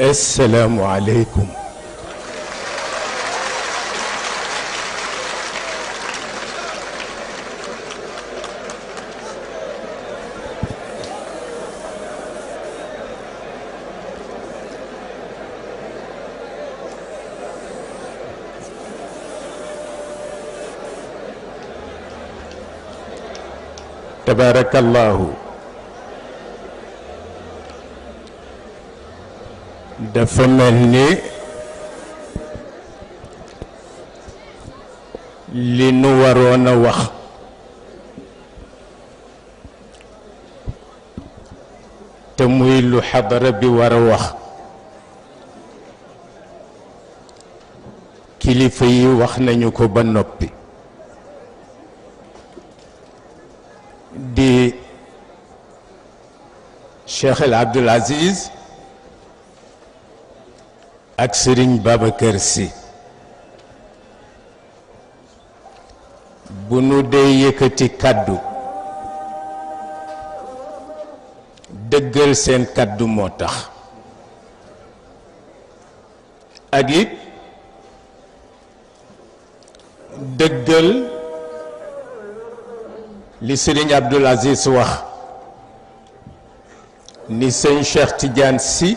السلام عليكم تبارك الله dafa mel ni li nu waroon a wax te muy lu xadara bi war a wax kilifa yi wax nañu ko ba noppi di Cheikh El Abdoul Aziz ak Serigne Babacar Sy bu nu dee yëkkati kaddu dëggal seen kaddu moo tax ak it dëggal li Serigne Abdoul Aziz wax ni Cheikh Tidiane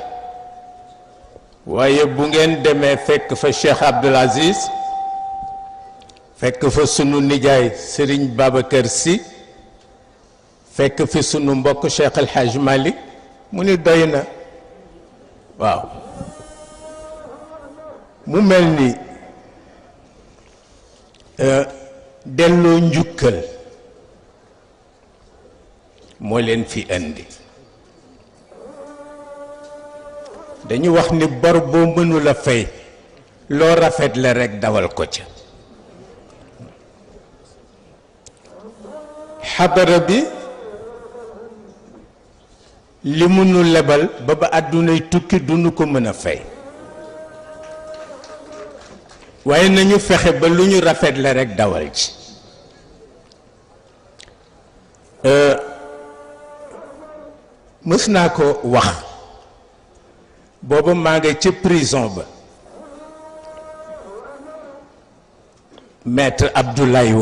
waye bu ngeen deme fekk fa Cheikh Abdoul Aziz fekk fa sunu nijaay Serigne Babacar si fekk fi sunu mbokk Cheikh al Hadj malik muni doyna waaw mu melni euh delloo njukkal mo len fi andi dañu wax ni bor bo mënul la fay lo rafet la rek dawal ko ci xadara bi li mënu lebal ba ba àddunay tukki duñu ko mën fay waye nañu fexe ba luñu rafet la rek dawal ci euh naa ko wax boobu maa ngi ci prison ba maître Abdoulaye Wade